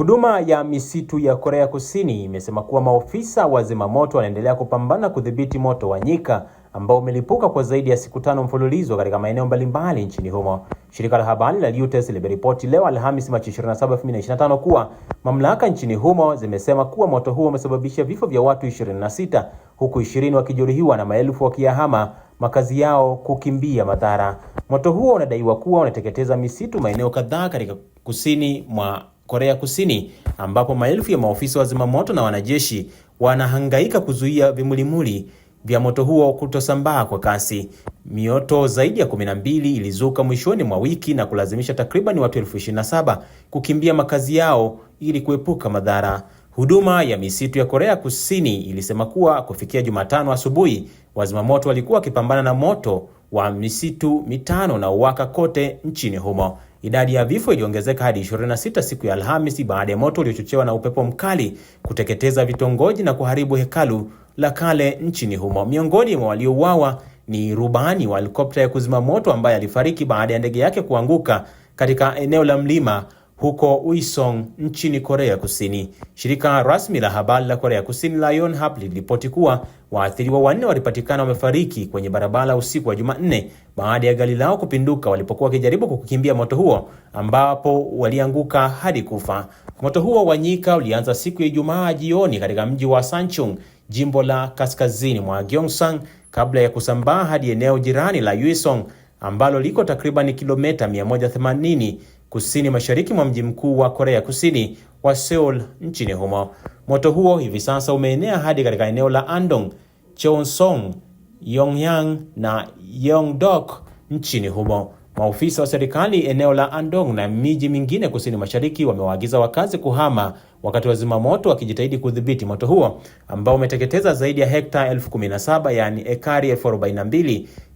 Huduma ya misitu ya Korea Kusini imesema kuwa maofisa wa zimamoto wanaendelea kupambana kudhibiti moto wa nyika ambao umelipuka kwa zaidi ya siku tano mfululizo katika maeneo mbalimbali nchini humo. Shirika la habari la Reuters limeripoti leo Alhamisi, Machi 27, 2025 kuwa mamlaka nchini humo zimesema kuwa moto huo umesababisha vifo vya watu 26 huku 20 wakijeruhiwa na maelfu wakiyahama makazi yao kukimbia madhara. Moto huo unadaiwa kuwa unateketeza misitu maeneo kadhaa katika kusini mwa Korea Kusini ambapo maelfu ya maofisa wa zimamoto na wanajeshi wanahangaika kuzuia vimulimuli vya moto huo kutosambaa kwa kasi. Mioto zaidi ya 12 ilizuka mwishoni mwa wiki na kulazimisha takriban watu elfu 27 kukimbia makazi yao ili kuepuka madhara. Huduma ya misitu ya Korea Kusini ilisema kuwa kufikia Jumatano asubuhi, wazimamoto walikuwa wakipambana na moto wa misitu mitano na uwaka kote nchini humo. Idadi ya vifo iliongezeka hadi 26 siku ya Alhamisi baada ya moto uliochochewa na upepo mkali kuteketeza vitongoji na kuharibu hekalu la kale nchini humo. Miongoni mwa waliouawa ni rubani wa helikopta ya kuzima moto ambaye alifariki baada ya ndege yake kuanguka katika eneo la mlima huko uisong nchini Korea Kusini. Shirika rasmi la habari la Korea Kusini la Yonhap liliripoti kuwa waathiriwa wanne walipatikana wamefariki kwenye barabara usiku wa Jumanne baada ya gari lao kupinduka walipokuwa wakijaribu kukimbia moto huo, ambapo walianguka hadi kufa. Moto huo wa nyika ulianza siku ya Ijumaa jioni katika mji wa Sanchung, jimbo la kaskazini mwa Gyeongsang, kabla ya kusambaa hadi eneo jirani la Uisong ambalo liko takriban kilomita 180 kusini mashariki mwa mji mkuu wa Korea Kusini wa Seoul nchini humo. Moto huo hivi sasa umeenea hadi katika eneo la Andong, Cheongsong, Yongyang na Yeongdeok nchini humo. Maofisa wa serikali eneo la Andong na miji mingine kusini mashariki wamewaagiza wakazi kuhama, wakati wazima moto wakijitahidi kudhibiti moto huo ambao umeteketeza zaidi ya hekta elfu kumi yaani ekari elfu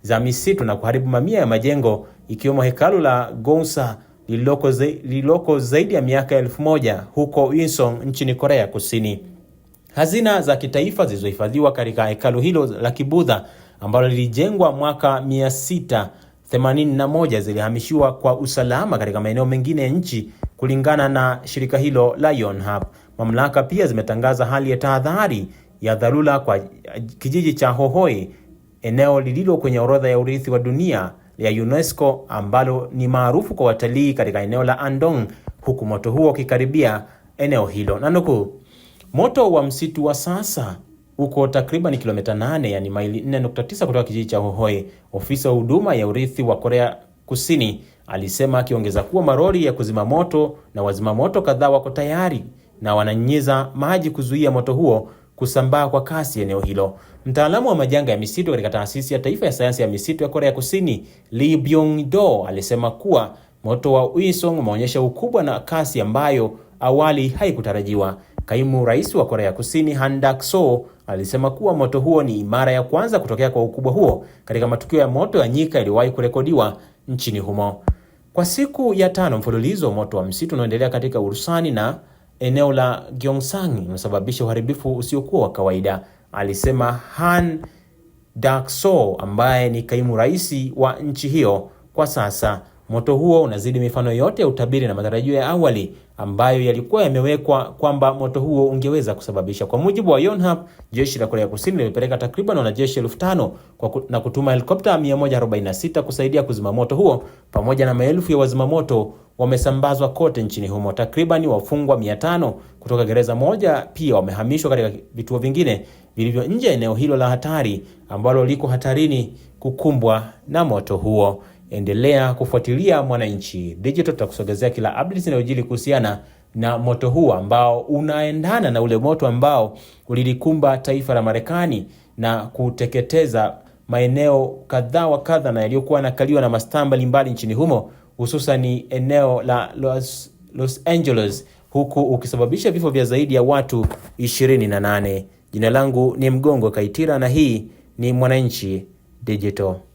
za misitu na kuharibu mamia ya majengo ikiwemo hekalu la Gongsa lililoko zaidi, zaidi ya miaka elfu moja huko Winsong nchini Korea Kusini. Hazina za kitaifa zilizohifadhiwa katika hekalu hilo la Kibudha ambalo lilijengwa mwaka 681 zilihamishiwa kwa usalama katika maeneo mengine ya nchi kulingana na shirika hilo la Yonhap. Mamlaka pia zimetangaza hali ya tahadhari ya dharura kwa eh, kijiji cha Hohoi, eneo lililo kwenye orodha ya urithi wa dunia ya UNESCO ambalo ni maarufu kwa watalii katika eneo la Andong, huku moto huo ukikaribia eneo hilo. Nanukuu, moto wa msitu wa sasa uko takriban kilomita 8 yani maili 4.9 kutoka kijiji cha Hohoi, ofisa wa huduma ya urithi wa Korea Kusini alisema, akiongeza kuwa marori ya kuzima moto na wazima moto kadhaa wako tayari na wananyiza maji kuzuia moto huo kusambaa kwa kasi eneo hilo. Mtaalamu wa majanga ya misitu katika Taasisi ya Taifa ya Sayansi ya Misitu ya Korea Kusini, Lee Byung-do, alisema kuwa moto wa Uisong umeonyesha ukubwa na kasi ambayo awali haikutarajiwa. Kaimu Rais wa Korea Kusini, Han Duck-soo, alisema kuwa moto huo ni mara ya kwanza kutokea kwa ukubwa huo katika matukio ya moto ya nyika yaliyowahi kurekodiwa nchini humo. Kwa siku ya tano mfululizo, moto wa msitu unaendelea katika Ulsan na eneo la Gyeongsang imesababisha uharibifu usiokuwa wa kawaida, alisema Han Dakso ambaye ni kaimu rais wa nchi hiyo kwa sasa. Moto huo unazidi mifano yote ya utabiri na matarajio ya awali ambayo yalikuwa yamewekwa kwamba moto huo ungeweza kusababisha. Kwa mujibu wa Yonhap, jeshi la Korea Kusini limepeleka takriban wanajeshi elfu tano na kutuma helikopta 146 kusaidia kuzima moto huo pamoja na maelfu ya wazimamoto wamesambazwa kote nchini humo. Takriban wafungwa 500 kutoka gereza moja pia wamehamishwa katika vituo vingine vilivyo nje ya eneo hilo la hatari ambalo liko hatarini kukumbwa na moto huo. Endelea kufuatilia Mwananchi Digital, tutakusogezea kila update inayojili kuhusiana na moto huo ambao unaendana na ule moto ambao ulilikumba taifa la Marekani na kuteketeza maeneo kadha wa kadha na yaliyokuwa yanakaliwa na mastaa mbalimbali nchini humo hususan eneo la Los, Los Angeles huku ukisababisha vifo vya zaidi ya watu 28. Jina langu ni Mgongo Kaitira na hii ni Mwananchi Digital.